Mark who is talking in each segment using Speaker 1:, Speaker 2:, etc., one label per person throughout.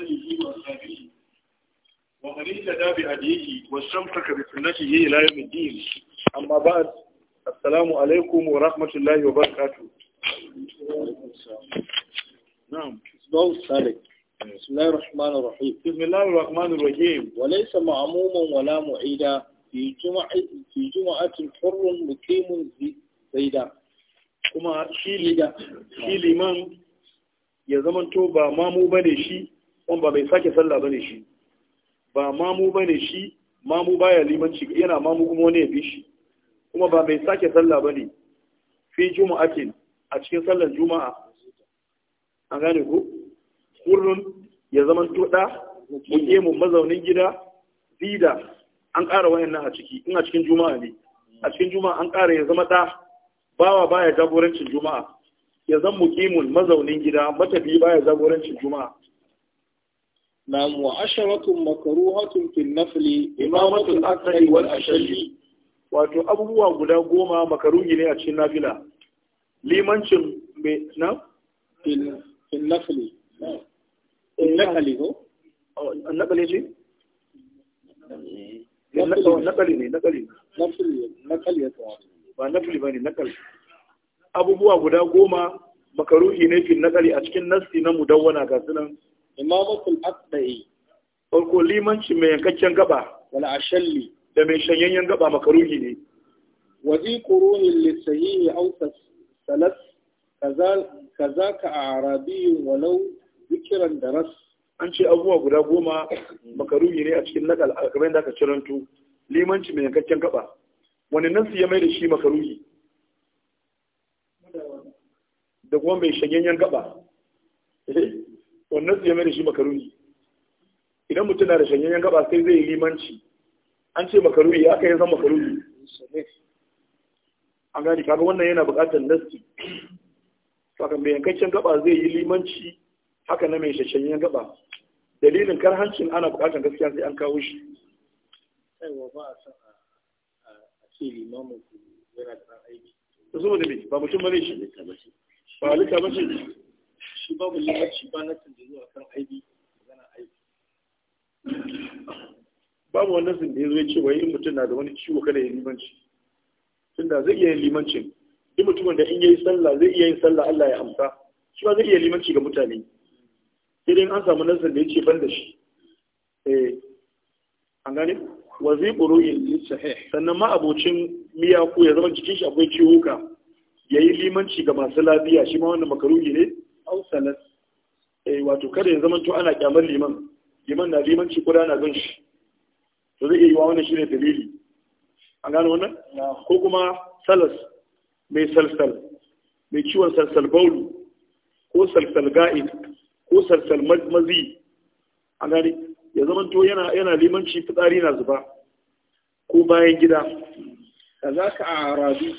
Speaker 1: آله وأصحابه ومن اهتدى بهديه واستمسك بسنته إلى يوم الدين أما بعد السلام عليكم ورحمة الله وبركاته نعم اسمه السالك بسم الله الرحمن الرحيم بسم الله الرحمن الرحيم وليس معموما ولا معيدا في جمعة في جمعة حر مقيم زيدا كما شيلي شيلي من ya zamanto ba mamu bane shi kuma ba mai sake sallah bane shi ba mamu bane shi mamu baya limanci yana mamu kuma wani ya bi shi kuma ba mai sake sallah bane fi juma'atin a cikin sallar juma'a an gane ku kurrun ya zama tuɗa mu mazaunin gida zida an ƙara nan a ciki in a cikin juma'a ne a cikin juma'a an ƙara ya zama ɗa bawa baya jagorancin juma'a ya zama mukemin mazaunin gida matafi baya jagorancin juma'a نعم وعشرة مكروهة في النفل إمامة الأكثر والأشل wato abubuwa guda goma مكروه ne a cikin لمن limancin mai na? finnafili nakali النفل النفل ce? النفل ne nakali nakali ba nafili ba ne abubuwa guda goma makaruhi ne fi nakali a cikin nasti na mudawwana ga sunan imamatul asbai farko limanci mai yankakken gaba wala ashalli da mai shanyayyen gaba makaruhi ne wa zi li sahihi aw salas kaza ka arabi walau zikran daras an ce abubuwa guda goma makaruhi ne a cikin nakal kamar da aka cirantu limanci mai yankakken gaba wani nan ya mai da shi makaruhi da kuma mai shanyayyen gaba eh. wannan su ya mai da shi makaruni idan mutum na da shanyayyen gaba sai zai yi limanci an ce makaruni ya yi zan makaruni an gani kaga wannan yana buƙatar nasti saka mai yankakken gaba zai yi limanci haka na mai shanyayyen gaba dalilin karhancin ana buƙatar gaskiya sai an kawo shi aiwa ba a san a ce limamin yana da aiki ba mutum bane shi ba halitta ba ce shi babu lokaci ba na da zuwa kan aibi magana aibi babu wannan sun da ya zo cewa in mutum na da wani ciwo kada ya limanci tunda zai iya yin limancin duk mutum da in yayi sallah zai iya yin sallah Allah ya amsa shi ba zai iya limanci ga mutane sai dai an samu nasarar da ya ce ban da shi eh an gane wa zai sahih sannan ma abocin miyaku ya zama jikin shi akwai ciwuka ya yi limanci ga masu lafiya shi ma wannan makaruhi ne ausalat eh wato kada ya zama to ana kyamar liman liman na limanci kula na gan shi to zai yi wa wannan shine dalili an gano wannan ko kuma salas mai salsal mai ciwon salsal baulu ko salsal ga'id ko salsal mazmazi a gani ya zama to yana yana limanci fitsari na zuba ko bayan gida ka za ka a rabi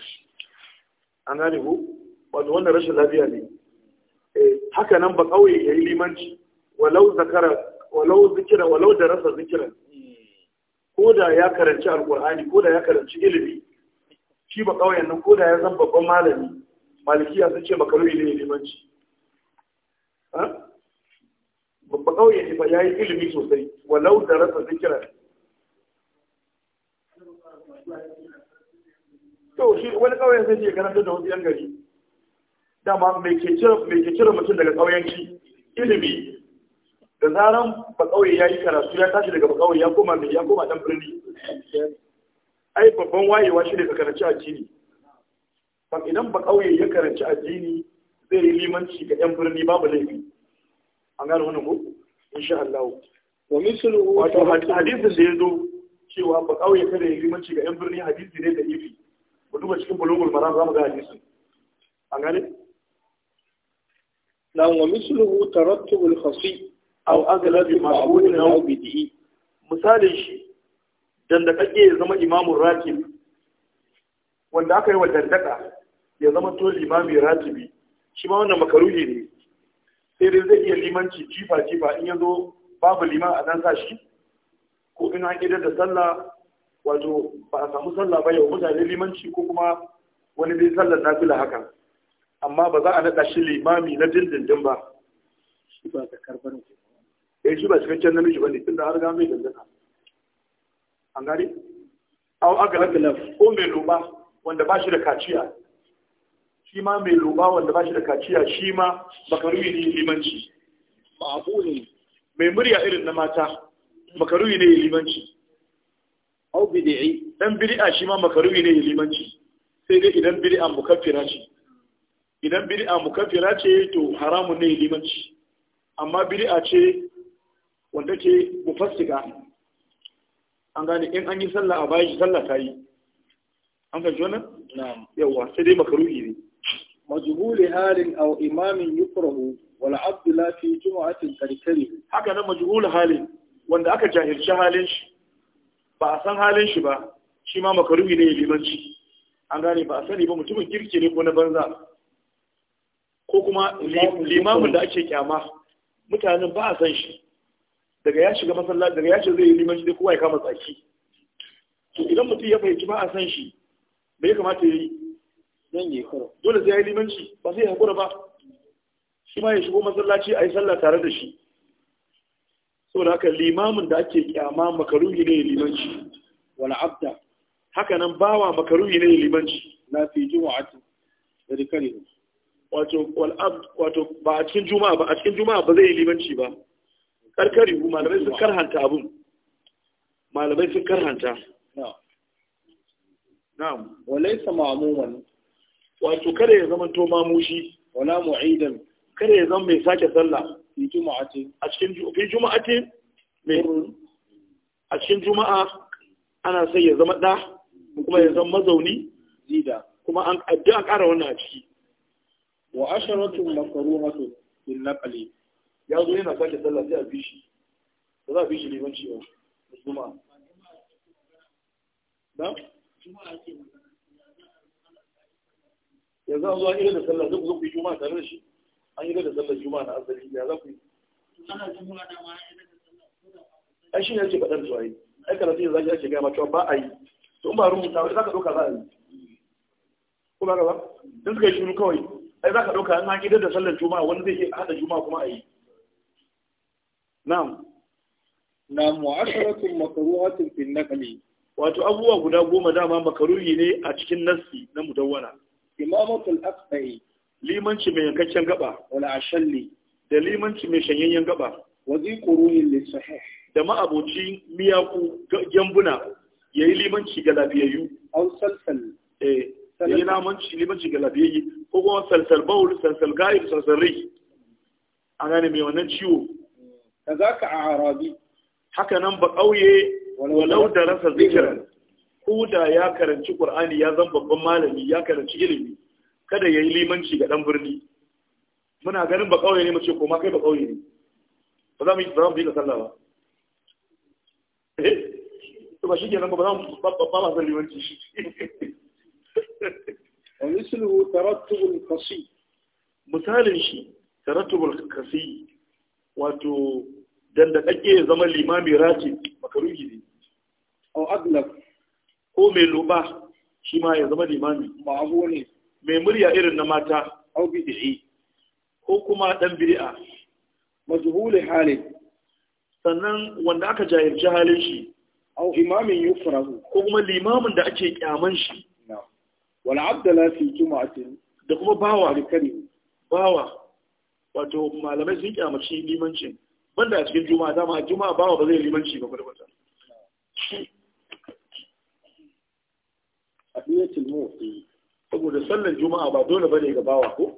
Speaker 1: a gane ko wato wannan rashin lafiya ne haka nan ba kauye ya yi limanci walau zakara walau zikira walau da rasa zikiran ko da ya karanci alkur'ani ko da ya karanci ilimi shi ba kauyen nan ko da ya zan babban malami malikiya sun ce makaru ne limanci babba kauye ne ba ya yi ilimi sosai walau da rasa zikiran to shi wani kauyen sai ya karanta da wasu yan gari dama mai ke cire mutum daga ƙauyenci ilimi da zaran ba ƙauye ya yi karatu ya tashi daga ba ƙauye ya koma mai ya koma ɗan birni ai babban wayewa shi ne ka karanci addini ba idan ba ƙauye ya karanci addini zai yi limanci ga ɗan birni babu laifi an gane wani ko insha Allah wa mislu wato hadisin da ya zo cewa ba ƙauye kada ya limanci ga ɗan birni hadisi ne da ifi mu duba cikin bulugul maram za mu ga hadisin an gane nan wa misluhu tarattubul khasi aw aglabi ma'budin aw bid'i misalin shi dandakake ya zama imamun rakib wanda aka yi wa dandaka ya zama to limami ratibi shi ma wannan makaruhi ne sai dai zai iya limanci jifa jifa in yazo babu liman a nan sa shi ko in an idar da sallah wato ba a samu sallah ba yau mutane limanci ko kuma wani dai sallar nafila haka amma ba za a naɗa shi limami na dindindin ba shi ba ta ba ne eh shi ba cikakken namiji ba ne tun da har ga mai dangana an gane au agalakala ko mai loba wanda ba shi da kaciya shi ma mai loba wanda ba shi da kaciya shi ma makaruni ne limanci ba abu ne mai murya irin na mata makaruni ne limanci au bid'i dan bid'a shi ma makaruni ne limanci sai dai idan bid'a mukaffira ce idan bid'a mukaffira ce to haramun ne limanci amma bid'a ce wanda ke mufassika an gane in an yi sallah a bayan sallah ta yi an ga wannan na'am yawa sai dai makruhi ne majhuli halin aw imamin yukrahu wal abdu la fi jumu'atin karkari haka nan majhul halin wanda aka jahilci halin shi ba a san halin shi ba shi ma makruhi ne limanci an gane ba a sani ba mutumin kirki ne ko na banza ko kuma limamin da ake kyama mutanen ba a san shi daga ya shiga masallaci daga ya ce zai yi limanci dai kowa ya kama tsaki to idan mutum ya fahimci ba a san shi me ya kamata ya yi zan yi kuro dole sai ya yi limanci ba sai ya hakura ba shi ma ya shigo masallaci a yi sallah tare da shi saboda haka limamin da ake kyama makaruhi ne limanci wala abda haka nan bawa makaruhi ne limanci na fi jumu'atu da dukkanin wato wato ba a cikin juma'a ba a cikin juma'a ba zai yi limanci ba karkari malamai sun karhanta abun malamai sun karhanta na'am walaysa wani. wato kada ya zama to mamushi wala mu'idan kada ya zama mai sake sallah fi juma'ati a cikin fi juma'ati a cikin juma'a ana sai ya zama da kuma ya zama mazauni zida kuma an addu'a ƙara wannan a ciki wa asharatu makaruhatun bin naqli ya zo yana sake sallah sai a bi shi ba za a bi shi limanci ba juma'a da yanzu an zo an irin da sallah zai zo ku yi juma'a tare da shi an yi da sallah juma'a na asali ya za ku yi ai shi ne yake faɗar su ai ai karatu yanzu ake gaya ma cewa ba a yi to in ba rubuta ba za ka ɗauka za a yi ko ba ka ba in suka yi shiru kawai ai za ka ɗauka an haƙi da sallar juma'a wani zai iya haɗa juma'a kuma a yi na'am na mu'asharatun makaruhatun fil naqli wato abubuwa guda goma dama makaruhi ne a cikin nassi na mudawwana imamatul aqsa'i limanci mai yankakken gaba wala ashalli da limanci mai shanyayyen gaba wazi quruhin lis sahih da ma'aboci miyaku gambuna yayi limanci ga lafiyayyu aw salsal eh yayi limanci limanci ga lafiyayyu ko kuma salsal baul salsal ga'ib salsal rai a gane mai wannan ciwo da za ka a arabi haka nan ba ƙauye walau da rasa zikiran ko da ya karanci ƙur'ani ya zan babban malami ya karanci ilimi kada ya yi limanci ga ɗan birni muna ganin ba ƙauye ne mace koma kai ba ƙauye ne ba za mu yi ba za mu sallah ba eh? ba shi ba ba za mu ba ba ba limanci shi wa misluhu tarattubul kasi misalin shi tarattubul kasi wato dandakakke ya zama limami rati makaruhi ne au aglab ko mai luba shi ma ya zama limami ma'abu ne mai murya irin na mata au bid'i ko kuma dan bid'a majhuli halin sannan wanda aka jahilci halin shi au imamin yufrahu ko kuma limamin da ake kyaman shi wal abdala fi juma'atin da kuma bawa da kare bawa wato malamai sun kyamaci limancin banda a cikin juma'a dama juma'a bawa ba zai limanci ba kwata-kwata ahiyatul mu'ti saboda sallar juma'a ba dole bane ga bawa ko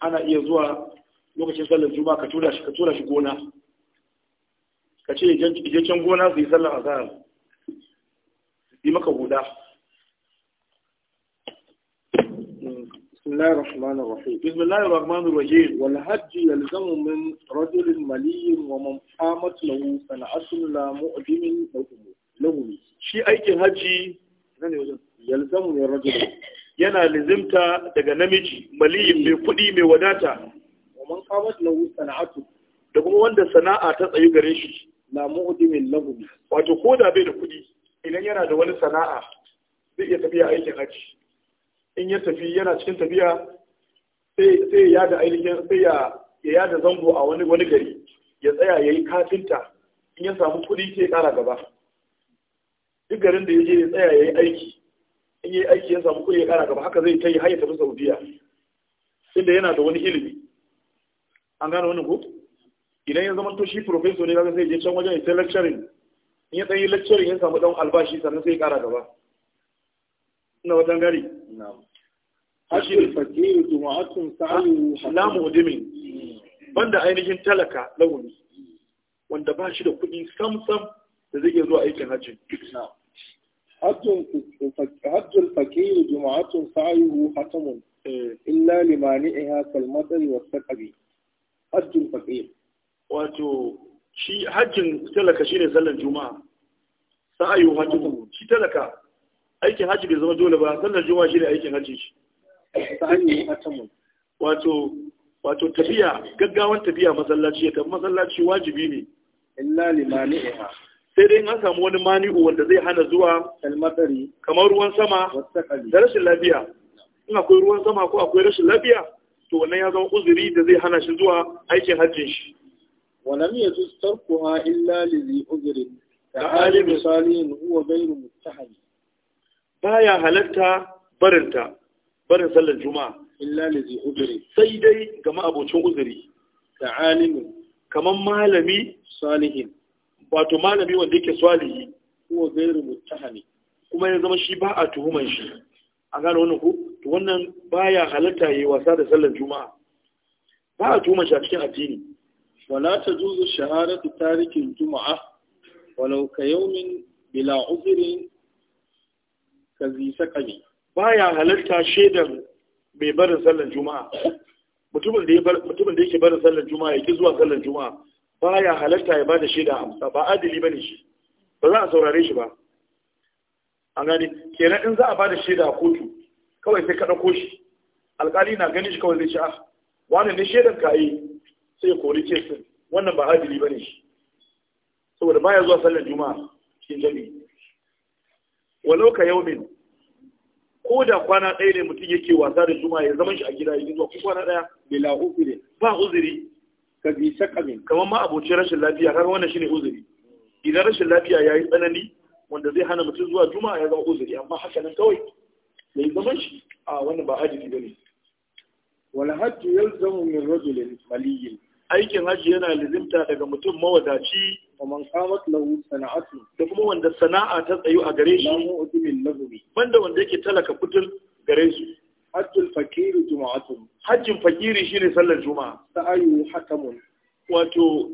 Speaker 1: ana iya zuwa lokacin sallar juma'a ka tura shi ka tura shi gona ka ce je can gona su yi sallar azhar yi maka guda بسم الله الرحمن الرحيم بسم الله الرحمن الرحيم والحج يلزم من رجل ملي ومن قامت له سنعة لا مؤذن له شي aikin haji yana lizimta daga namiji maliyin mai kuɗi mai wadata ومن قامت له سنعة da kuma wanda sana'a ta tsayu gare shi la mu'dimin lahu wato ko da bai da kuɗi idan yana da wani sana'a zai iya tafiya aikin haji in ya tafi yana cikin tafiya sai ya da ainihin sai ya yada zango a wani wani gari ya tsaya ya yi kafinta in ya samu kuɗi sai ya ƙara gaba duk garin da ya je ya tsaya ya yi aiki in ya yi aiki ya samu kuɗi ya ƙara gaba haka zai ta yi har ya tafi saudiya inda yana da wani ilimi an gane wani ko idan ya zama to shi professor ne kaga sai ya je can wajen ya ta lecturing in ya ɗan yi lecturing ya samu ɗan albashi sannan sai ya ƙara gaba na wajen gari ashir fakir juma'atun sa'ayi halamu mudimin banda ainihin talaka launi wanda ba shi da kuɗi sam sam da zai iya zuwa aikin hajji hajjul fakir juma'atun sa'alu hatamun eh. illa limani'iha kalmatsari wasu saƙabi hajjul fakir wato shi hajjin talaka shi ne zallan juma'a sa'ayu hajjul shi talaka aikin hajji bai zama dole ba sallar juma'a shi ne aikin hajji shi wato wato tafiya gaggawan tafiya masallaci ya tafi masallaci wajibi ne sai dai an samu wani mani'u wanda zai hana zuwa kalmatari kamar ruwan sama da rashin lafiya in akwai ruwan sama ko akwai rashin lafiya to wannan ya zama uzuri da zai hana shi zuwa aikin hajjin shi walam yajuz tarkuha illa li uzrin ka ali misalin huwa ghayru muttahim baya halatta barinta barin sallar juma'a illa lazi uzuri sai dai ga ma'abocin uzuri Da alimin kaman malami salihin wato malami wanda yake salihi ko gairu mutahani kuma ya zama shi ba a tuhuman shi A gane wannan ko to wannan baya halatta yayi wasa da sallar juma'a ba a tuhuman shi a cikin addini wala ta juzu shahadatu tarikin juma'a walau ka yawmin bila uzrin ka zisa Ba baya halarta shaidar mai barin sallar juma'a mutumin da yake barin sallar juma'a yake zuwa sallar juma'a baya halarta ya bada shaida amsa ba adili bane shi ba za a saurare shi ba an gani kenan in za a bada shaida a kotu kawai sai ka ɗauko shi alƙali na ganin shi kawai zai ce ah wani ne shaidan ka yi sai ya kori kesin wannan ba adili bane shi saboda baya zuwa sallar juma'a cikin jami'i walau ka yaumin ko da kwana ɗaya ne mutum yake wasa da juma'a ya zaman shi a gida ya zuwa ko kwana ɗaya la uzuri ba uzuri ka bi sakamin kamar ma abocin rashin lafiya kaga wannan shine uzuri idan rashin lafiya yayi tsanani wanda zai hana mutum zuwa juma'a ya zama uzuri amma haka nan kawai Bai zama shi a wannan ba ne. bane wal hajju yalzamu min rajulin maliyyin aikin hajji yana lizimta daga mutum mawadaci wa man qamat lahu sana'atu da kuma wanda sana'a ta tsayu a gare shi lahu udmin lahumi banda wanda yake talaka kudin gare su hajjul fakiri juma'atu hajjin fakiri shine sallar juma'a sa'ayu hakamun wato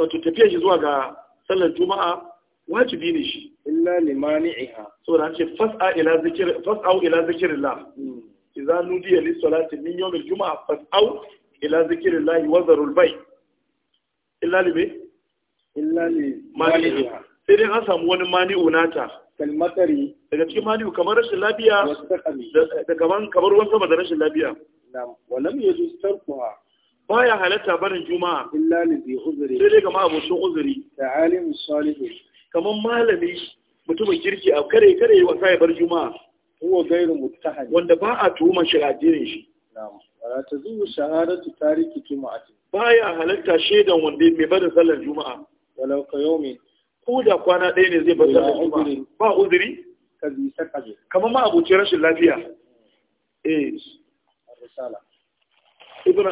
Speaker 1: wato tafiya shi zuwa ga sallar juma'a wajibi ne shi illa limani'iha saboda an ce fas'a ila zikr fas'au ila zikrillah hmm. idza nudiya lis-salati min yawm al-jum'a fas'au ila zikirin lahi wazarul bai illa libe illa ne mani sai dai an samu wani mani'u nata kalmatari daga cikin mani'u kamar rashin lafiya da kaman kamar ruwan sama da rashin lafiya na'am walam yajuz Ba baya halatta barin juma'a illa ni bi uzuri sai dai kamar abocin uzuri ta alim salihu kamar malami mutumin kirki a kare kare wasa ya bar juma'a huwa gairu muttahan wanda ba a tuhuma shi a addinin shi na'am ta zuwa shahadatu tariki juma'ati baya halatta shaidan wanda mai bada sallar juma'a walau ka ko da kwana ɗaya ne zai bar sallar juma'a ba uzuri kamar ma abuci rashin lafiya hmm. eh ibn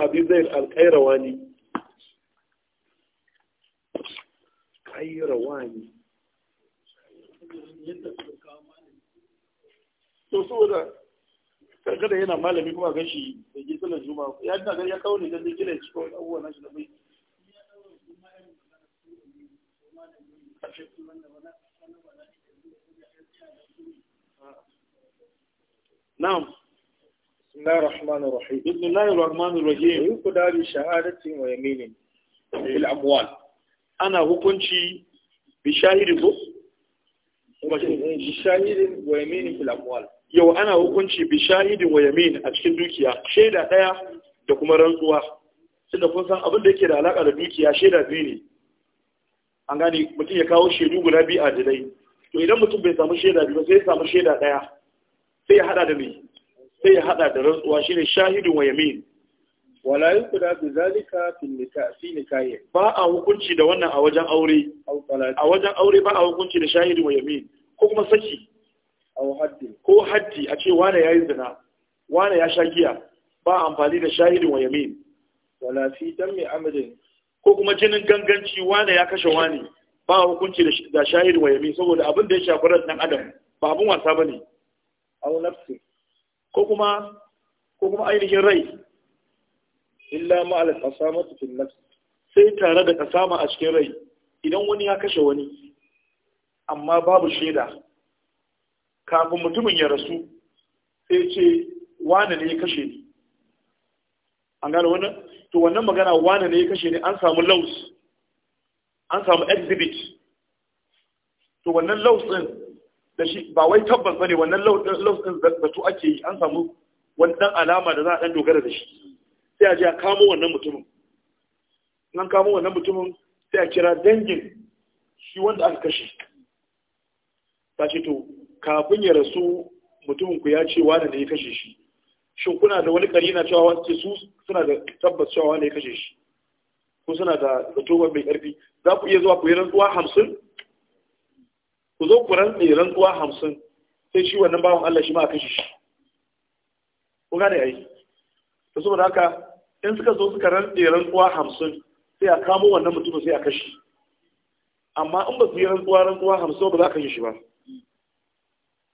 Speaker 1: to da kada yana malami kuma ga shi da ke sallar juma ya ina ga ya kawo ne da zai gina shi kawai abubuwan nashi da mai نعم بسم الله الرحمن الرحيم بسم الله الرحمن الرحيم يقضى بشهادة ويمين في الأموال أنا hukunci بشاهد بشاهد ويمين في الأموال yau ana hukunci bi shahidin wa yamin a cikin dukiya shaida daya da kuma rantsuwa tunda kun san abin da yake da alaka da dukiya shaida biyu ne an gane mutum ya kawo shaidu guda biyu a dalai to idan mutum bai samu shaida biyu ba sai ya samu shaida daya sai ya hada da mai sai ya hada da rantsuwa shine shahidin wa yamin wala yuqda bi zalika fil nikah fi nikah ba a hukunci da wannan a wajen aure a wajen aure ba a hukunci da shahidin wa yamin ko kuma saki ko haddi a ce wane ya yi zina wane ya sha giya ba amfani da shahidin wa yamin wala fi mai amadin ko kuma jinin ganganci wane ya kashe wane ba hukunci da shahidin wa yamin saboda abin da ya shafi ran dan adam ba abin wasa bane aw nafsi ko kuma ko kuma ainihin rai illa ma al qasamatu fil nafs sai tare da kasama a cikin rai idan wani ya kashe wani amma babu shaida kafin mutumin ya rasu sai ce wane ne ya kashe ni an gane wannan to wannan magana wane ne ya kashe ni an samu laus an samu exhibit to wannan laus din da shi ba wai tabbas bane wannan laus din zato ake yi an samu wannan alama da za a dan dogara da shi sai a je a kamo wannan mutumin nan kamo wannan mutumin sai a kira dangin shi wanda aka kashe ta ce to kafin ya rasu mutumin ku ya ce wani ne ya kashe shi shin kuna da wani kari na cewa wani su suna da tabbas cewa wani ya kashe shi ko suna da zato mai karfi za ku iya zuwa ku yi rantsuwa hamsin ku zo ku rantsa rantsuwa hamsin sai shi wannan bawan Allah shi ma a kashe shi ku gane ai to saboda haka in suka zo suka rantsa rantsuwa hamsin sai a kamo wannan mutumin sai a kashe amma in ba su yi rantsuwa rantsuwa hamsin ba za a kashe shi ba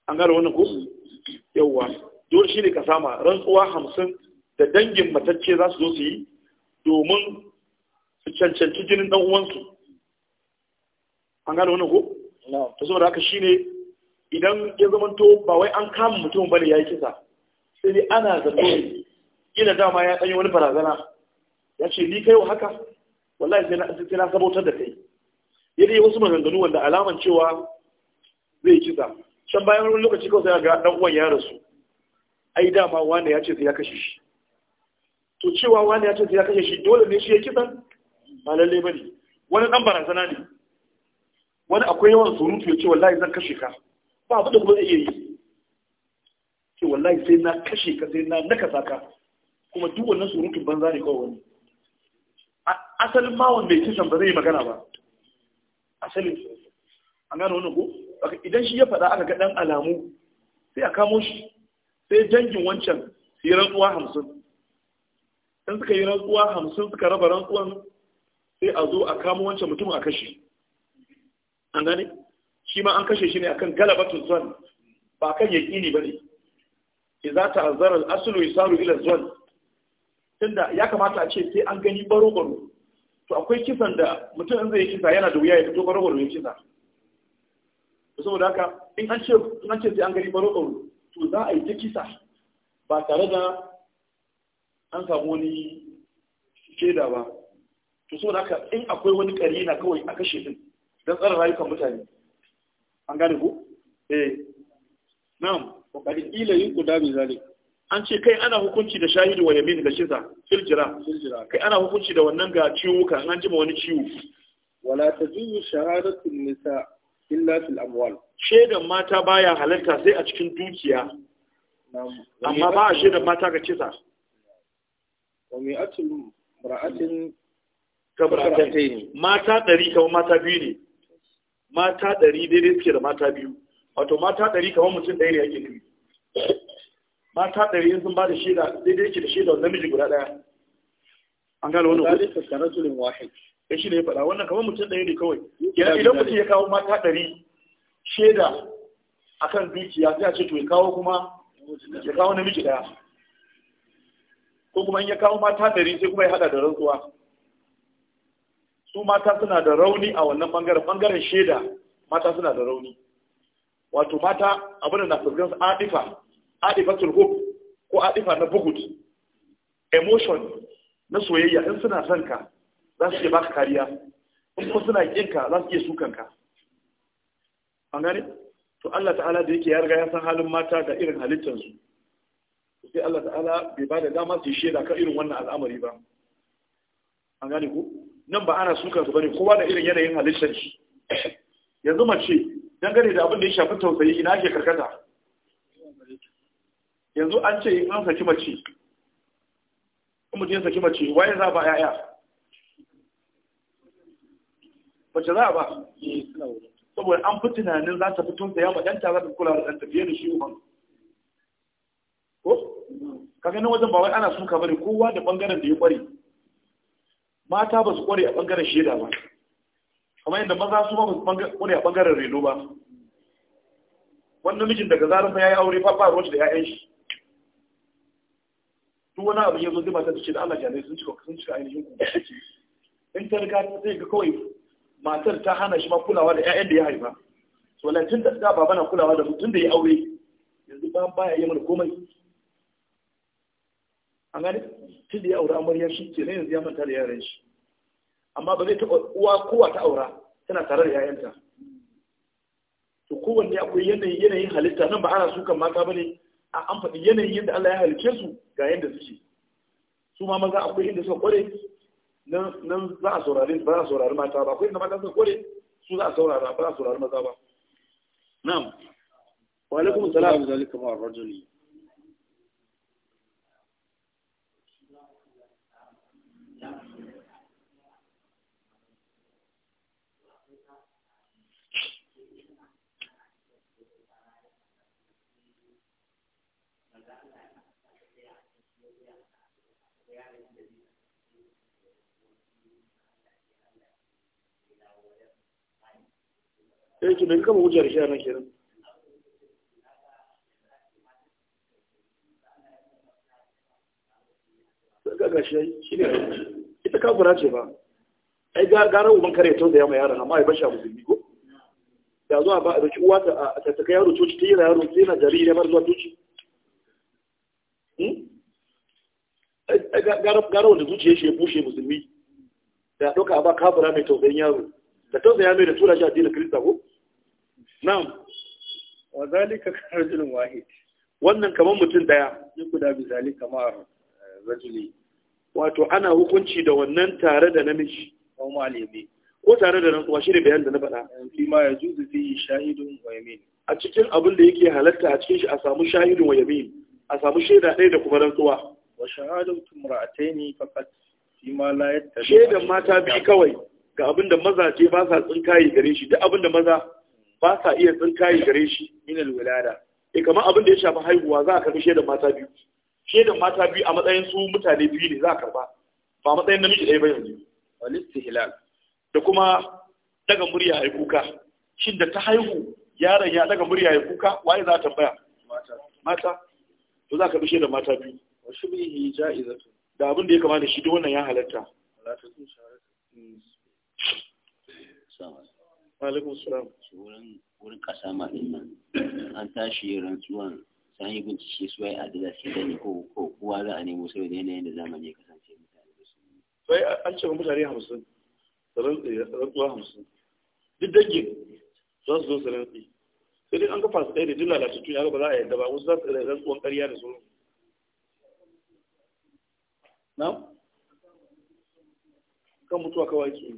Speaker 1: an gane wannan ko yawwa dole shi ne ka sama rantsuwa hamsin da dangin matacce za su zo su yi domin su cancanci jinin dan uwansu an gane wannan ko to saboda haka shine idan ya to ba wai an kama mutum bane yi kisa sai dai ana zato ina dama ya danyi wani barazana ya ce ni kai haka wallahi sai na sabotar da kai yadda wasu maganganu wanda alaman cewa zai kisa can bayan wani lokaci kawai sai ga dan uwan ya rasu ai dama wani ya ce sai ya kashe shi to cewa wani ya ce sai ya kashe shi dole ne shi ya kisan ba lalle bane wani dan barazana ne wani akwai yawan surutu ya ce wallahi zan kashe ka ba abu da kuma zai iya yi ce wallahi sai na kashe ka sai na nakasa ka kuma duk wannan surutun banza ne kawai wani asalin ma wanda ya kisan ba zai yi magana ba asalin an gano wannan ko idan shi ya faɗa aka ga ɗan alamu sai a kamo shi sai jangin wancan su yi rantsuwa hamsin in suka yi rantsuwa hamsin suka raba rantsuwan sai a zo a kamo wancan mutum a kashe an gane shi ma an kashe shi ne akan galabatun zon ba kan yaƙini ba ne ta ta'azzara al ya yusaru ilar zon tunda ya kamata a ce sai an gani baro baro to akwai kisan da mutum in zai kisa yana da wuya ya fito baro baro ya kisa saboda haka in an ce in an ce sai an gari baro baro to za a yi ta kisa ba tare da an samu wani shaida ba to saboda haka in akwai wani na kawai a kashe din don tsara rayukan mutane an gane ku eh na'am wa ila yin kuda bi zalik an ce kai ana hukunci da shahidi wa yamin da shiza filjira kai ana hukunci da wannan ga ciwuka an jima wani ciwo wala tajuzu shahadatu nisa illa fil amwal shedan mata baya halarta sai a cikin dukiya amma ba a shedan mata ga kisa wa mi'atul ra'atin kabratayn mata ɗari kamar mata biyu ne mata ɗari daidai suke da mata biyu wato mata ɗari kamar mutum ɗaya ne yake nufi mata ɗari in sun ba da shaida daidai yake da shaida namiji guda ɗaya an gano wani kuɗi ya shi da ya faɗa wannan kamar mutum ɗaya ne kawai idan mutum ya kawo mata ɗari shaida a kan dukiya sai a ce to ya kawo kuma ya kawo namiji ɗaya ko kuma in ya kawo mata ɗari sai kuma ya haɗa da rantsuwa su mata suna da rauni a wannan ɓangaren ɓangaren shaida mata suna da rauni wato mata abin da na su adifa adifa turhub ko adifa na bugut emotion na soyayya in suna son ka za su iya baka kariya in kuma suna ka za su iya sukanka an gane to Allah ta'ala da yake ya riga ya san halin mata da irin halittansu sai Allah ta'ala bai ba da dama su shaida kan irin wannan al'amari ba an gane ku nan ba ana suka su bane kowa da irin yanayin halittar shi yanzu mace dangane da abin da ya shafi tausayi ina ake karkata yanzu an ce in an saki mace in mutum ya saki mace waye za ba 'ya'ya wacce za a ba saboda an fi tunanin za ta fi tun dan maɗanta za ta kula da ɗanta fiye da shi uban ko kaga nan wajen ba wai ana suka bane kowa da bangaren da ya kware mata ba su kware a bangaren sheda ba kamar yadda maza su ba su kware a bangaren reno ba wannan mijin daga zarar ya yi aure fa ba da 'ya'yan shi duk wani abu ya zo zai ta da da Allah jare sun cika sun cika ainihin ku in ta riga zai ga kawai matar ta hana shi ma kulawa da ƴaƴan da ya haifa so nan tun da ta baba na kulawa da mutum da ya aure yanzu ba baya yi mana komai an gani tun da ya aure amarya shi ke yanzu ya manta da yaran shi amma ba zai taɓa uwa kowa ta aura tana tare da 'ya'yanta to kowanne akwai yanayin yanayin halitta nan ba ana sukan mata ba ne, a an faɗi yanayin yadda Allah ya halice su ga yadda suke su ma maza akwai inda suka kware nan za a saurari ba za a saurari mata ba akwai inda mata sun kore su za a saurara ba za a saurari maza ba na'am wa alaikum salam zalika ma rajuli sai eh, ki kama hujjar shi nan kenan ita kafira ce ba gara uban kare da yaron amma ai bashi musulmi ko da ba a uwa ta ta ta yaro coci ta yi yaro sai na jariri ya bar zuwa hmm? gara wanda zuciya shi ya bushe musulmi da ɗauka ba kafira mai tausayin yaro da tausaya mai da tura shi a dina kirista ko na'am wa zalika rajulun wahid wannan kamar mutum daya ni guda bi zalika ma eh, rajuli wato ana hukunci da wannan tare da namiji ko malami ko tare da rantsuwa shi ne bayan da na faɗa eh, fi ma ya fi shahidun wa yamin a cikin abin da yake halatta a cikin shi a samu shahidun wa yamin a samu shaida ɗaya da kuma rantsuwa wa shahadatu mar'ataini faqat fi ma la yattabi shaidan mata bi kawai ga abin da mazaje ba sa tsinkaye gare shi duk abin da maza ba sa iya tsinkayi gare shi minal wilada eh kamar abin da ya shafi haihuwa za a karbi da mata biyu da mata biyu a matsayin su mutane biyu ne za a karba ba matsayin namiji ɗaya ba yanzu wal hilal. da kuma daga murya ya kuka shin da ta haihu yaron ya daga murya ya kuka waye za a tambaya mata to za a karbi shi da mata biyu wa shubhi ja'izatu da abin da ya kamata shi duk wannan ya halatta alaikum salam wurin wurin kasa ma din nan an tashi rantsuwan san yi bincike su ai adala sai da ne ko ko kowa za a nemo saboda yanayin da zamani ya kasance mutane da su sai an ce mutane 50 eh, rantsuwa hamsin duk dangi za su zo su rantsi sai dai an kafa su ɗaya da duk lalatattu ya ba za a yadda ba wasu za su rantsuwan ƙarya da sauran na kan mutuwa kawai su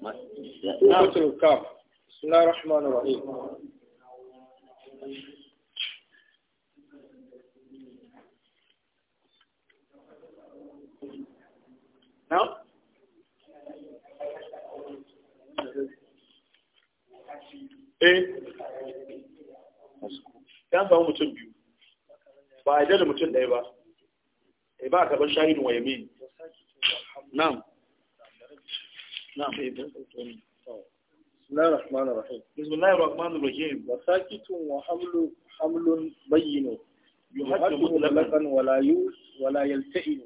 Speaker 1: سورة الكاف بسم الله الرحمن الرحيم نعم ya samu mutum biyu ba a ba ba a wa نعم بسم الله الرحمن الرحيم وساكت وحمل حمل بين يحكم مطلقا ولا يوس ولا يلتئم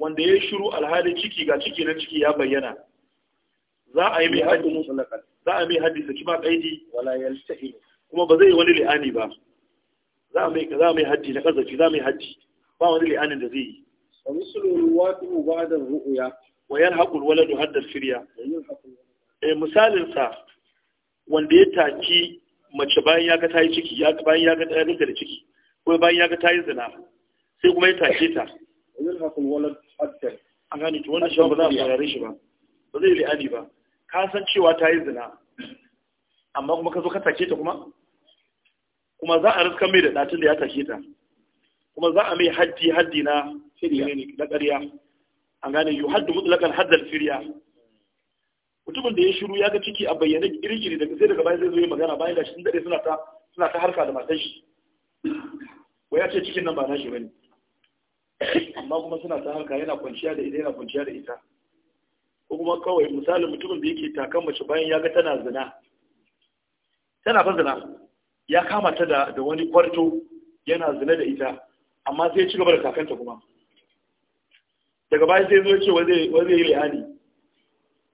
Speaker 1: wanda ya shiru alhalin ciki ga ciki na ciki ya bayyana za a yi mai haddi za a mai haddi saki ba kaidi wala yalta'im kuma ba zai wani li'ani ba za a mai za mai haddi na kazafi za mai haddi ba wani li'anin da zai yi wa mislu ruwatu ba'da ru'ya wa haƙul waladu haddal firya eh misalin sa wanda ya taki mace bayan ya ga ta yi ciki ya bayan ya ga ta yi gari ciki ko bayan ya ga ta yi zina sai kuma ya take ta yanhaqul walad haddal to wannan shi ba za a saurare shi ba ba zai li'ani ba ka san cewa ta yi zina amma kuma ka zo ka take ta kuma kuma za a riska mai da ɗatin da ya take ta kuma za a mai haddi haddi na shirya na ƙarya an gane yi haddu mutlaqan haddal firya mutumin da ya shiru ya ga ciki a bayyane iri-iri daga sai daga bayan zai zo yin magana bayan da shi dade suna ta suna ta harka da matan shi wai ya ce cikin nan ba na shi bane amma kuma suna ta harka yana kwanciya da ita yana kwanciya da ita ko kuma kawai misalin mutumin da yake takan mace bayan ya ga tana zina tana fa zina ya kama ta da wani kwarto yana zina da ita amma sai ya ci gaba da takanta kuma daga bayan sai zo ce wa zai yi la'ani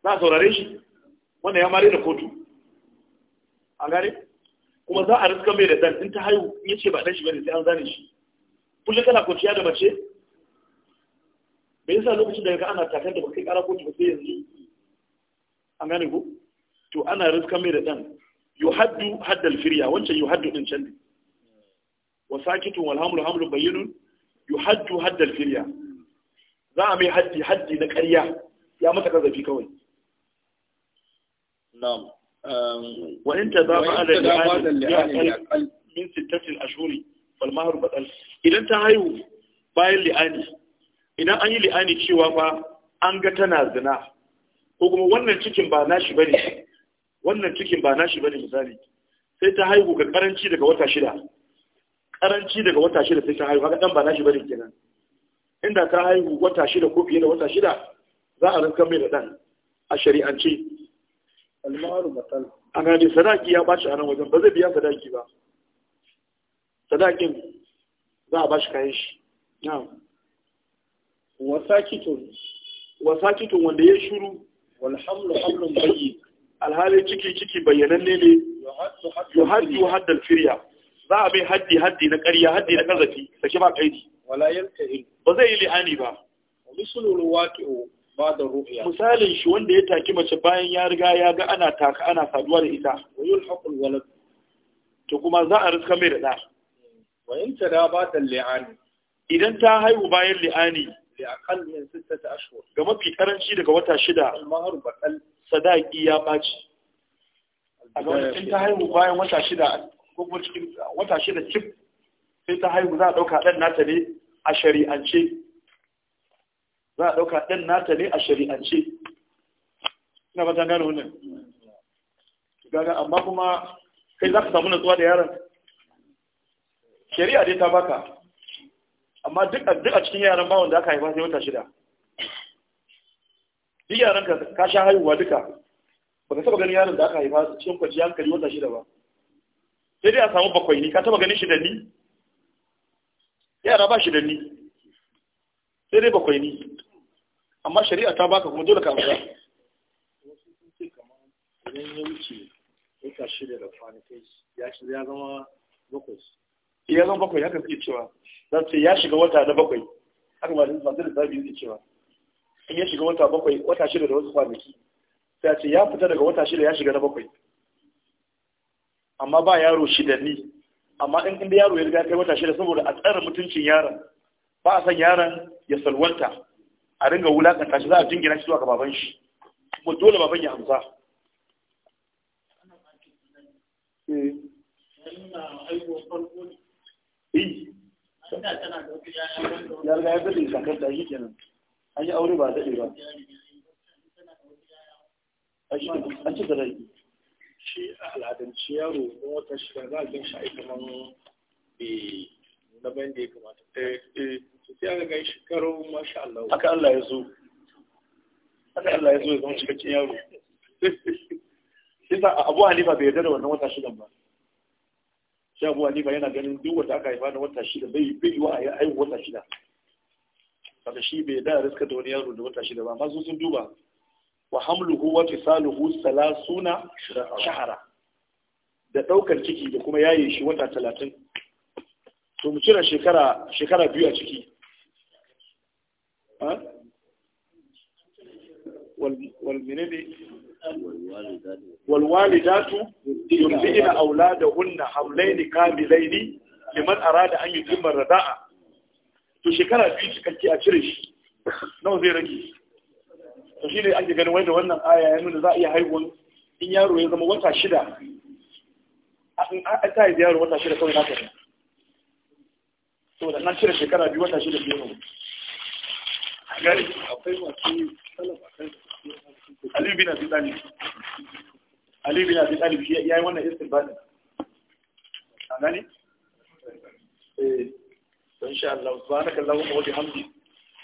Speaker 1: za a saurare shi wanda ya mare da kotu a gane kuma za a riska mai da dan in ta haihu in ya ce ba dan shi bane sai an zane shi kullum kana kwanciya da mace bai yasa lokacin da ga ana takar da bakai kara kotu ba sai yanzu an gane ku to ana riska mai da dan haddu haddal firya wancan haddu din can ne wa sakitun wal hamlu hamlu bayyinun haddu haddal firya za a mai haddi haddi na ƙarya ya mata kazafi kawai um, wa in ta da min sittatin ashuri fal mahru idan ta haihu bayan li'ani idan an yi li'ani cewa fa an ga tana zina ko kuma wannan cikin ba nashi ba ne, wannan cikin ba nashi ba ne. misali sai ta haihu ga karanci daga wata shida karanci daga wata shida sai ta haihu haka dan ba nashi ba ne kenan inda ka haihu wata shida ko fiye da wata shida za a rinka mai da ɗan a shari'ance a gane sadaki ya bashi a nan wajen ba zai biya sadaki ba sadakin za a bashi kayan shi wasakitun kitun wanda ya shuru walhamlu hamlun bayi. Alhalin ciki ciki bayyananne ne yuhaddu haddal firya za a bai haddi haddi na ƙarya haddi na kazafi sake ba kaidi wala yaltahin ba zai yi lihani ba misalul waqi'u ba'da ru'ya misalin shi wanda ya taki mace bayan ya riga ya ga ana taka ana saduwa da ita wayul haqul walad to kuma za a riska mai da da wa in tada ba ta li'ani idan ta haihu bayan li'ani li aqall min sittati ashhur ga mafi karanci daga wata shida al-mahr baqal sadaqi ya baci a ga in ta haihu bayan wata shida ko kuma cikin wata shida cip sai ta haihu za a ɗauka ɗan nata ne a shari'ance za a ɗauka ɗan nata ne a shari'ance ina ba ta gane wannan gaga amma kuma kai za ka samu natsuwa da yaron shari'a dai ta baka amma duk a cikin yaran bawon da aka haifa sai wata shida duk yaran ka ka sha haihuwa duka baka saba ganin yaron da aka haifa cikin kwanciyar hankali wata shida ba sai dai a samu bakwai ni ka taba ganin shi da ni yara ba shi da ni sai dai bakwai ni amma shari'a ta baka kuma dole ka amsa ya zama bakwai bakwai haka suke cewa za su ya shiga wata na bakwai haka ba da da sabi yake cewa in ya shiga wata bakwai wata shida da wasu kwanaki sai ce ya fita daga wata shida ya shiga na bakwai amma ba yaro ni. amma in inda yaro ya riga kai wata shida saboda a tsara mutuncin yaron ba a san yaron ya salwanta a ringa wulakanta shi za a jingina shi zuwa ga baban shi kuma dole baban ya amsa eh. Eh. ya riga ya daɗe shakar da shi kenan an yi aure ba daɗe ba an ci da rai shi a al'adance yaro don wata za a gan shi a kamar bai na bayan da ya kamata eh, eh, sai aka ga shi karo masha Allah haka Allah ya zo haka Allah ya zo ya zama cikakken yaro sai Abu Halifa bai yarda da wannan wata shidan ba sai Abu Halifa yana ganin duk wata aka haifa na wata shida bai bai yi wa a haihu wata shida saboda shi bai da riska da wani yaro da wata ba amma sun duba wa hamluhu wa fisaluhu salasuna shahara da ɗaukar ciki da kuma yaye shi wata talatin to mu cire shekara shekara biyu a ciki والمنبي والوالدات يرضعن أولادهن haulaini كاملين liman arada an yi zimmar rada'a to shekara biyu cikakke a cire shi nawa zai rage to shi ne ake ganin wanda da wannan aya ya nuna za a iya haihuwan in yaro ya zama wata shida in an ta haifi yaro wata shida kawai na ta ne da nan cire shekara biyu wata shida biyu gari akwai masu talaba kan Ali bin Abi Talib Ali bin Abi Talib shi yayi wannan istinbadi an gani eh sha Allah subhanaka Allahumma wa bihamdika